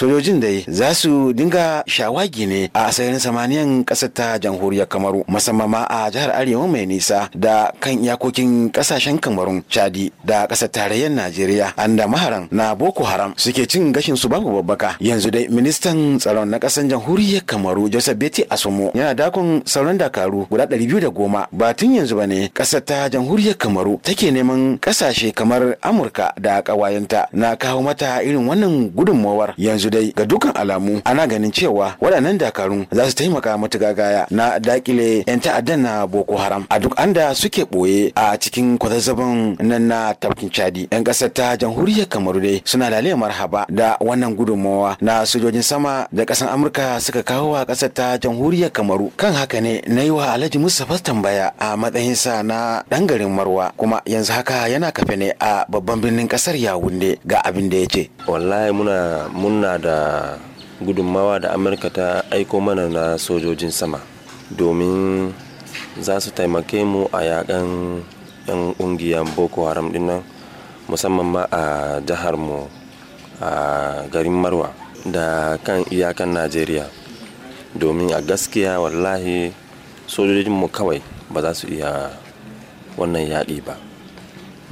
sojojin da za su dinga shawagi ne a asalin samaniyan ƙasar ta jamhuriyar kamaru musamman ma a jihar arewa mai nisa da kan iyakokin ƙasashen kamarun chadi da ƙasar tarayyar najeriya an da maharan na boko haram suke cin gashin su babu babbaka yanzu dai ministan tsaron na ƙasar jamhuriyar kamaru joseph beti asomo yana dakon sauran dakaru guda ɗari biyu da goma ba tun yanzu ba ne kasar ta jamhuriyar kamaru take neman ƙasashe kamar amurka da ƙawayenta na kawo mata irin wannan gudunmawar yanzu dai ga dukkan alamu ana ganin cewa waɗannan dakarun za su taimaka matuƙa gaya na dakile 'yan ta'addan na boko haram a duk anda suke ɓoye a cikin kwazazzaban nan na tafkin chadi 'yan ƙasar ta jamhuriyar kamaru dai suna lale marhaba da wannan gudunmawa na sojojin sama da ƙasar amurka suka kawo a ƙasar ta jamhuriyar kamaru kan haka ne na yi wa alhaji mustapha tambaya a matsayinsa na ɗan garin marwa kuma yanzu haka yana kafe ne a babban birnin ƙasar yawunde ga abin da ya ce wallahi muna muna da gudunmawa da amurka ta aiko mana na sojojin sama domin za su taimake mu a yaƙan 'yan ƙungiyar boko haram dinnan musamman ma a jihar mu a garin marwa da kan iyakan najeriya domin a gaskiya wallahi mu kawai ba za su iya wannan yaƙi ba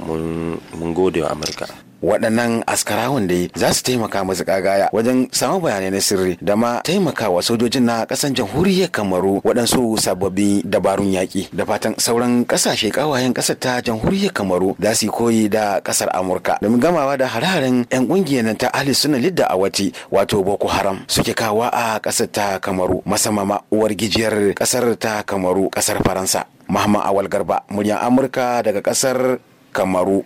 mun gode wa amurka waɗannan askarawan da za su taimaka masu kagaya wajen samu bayanai na sirri da ma taimakawa sojojin na ƙasan jamhuriyar kamaru waɗansu sababbin dabarun yaƙi da fatan sauran ƙasashe ƙawayen ƙasar ta jamhuriyar kamaru za su koyi da ƙasar amurka domin gamawa da hararen 'yan ƙungiyar ta ahli suna lidda a wati wato boko haram suke kawa a ƙasar ta kamaru masamama uwar gijiyar ƙasar ta kamaru ƙasar faransa mahama awal garba muryar amurka daga ƙasar kamaru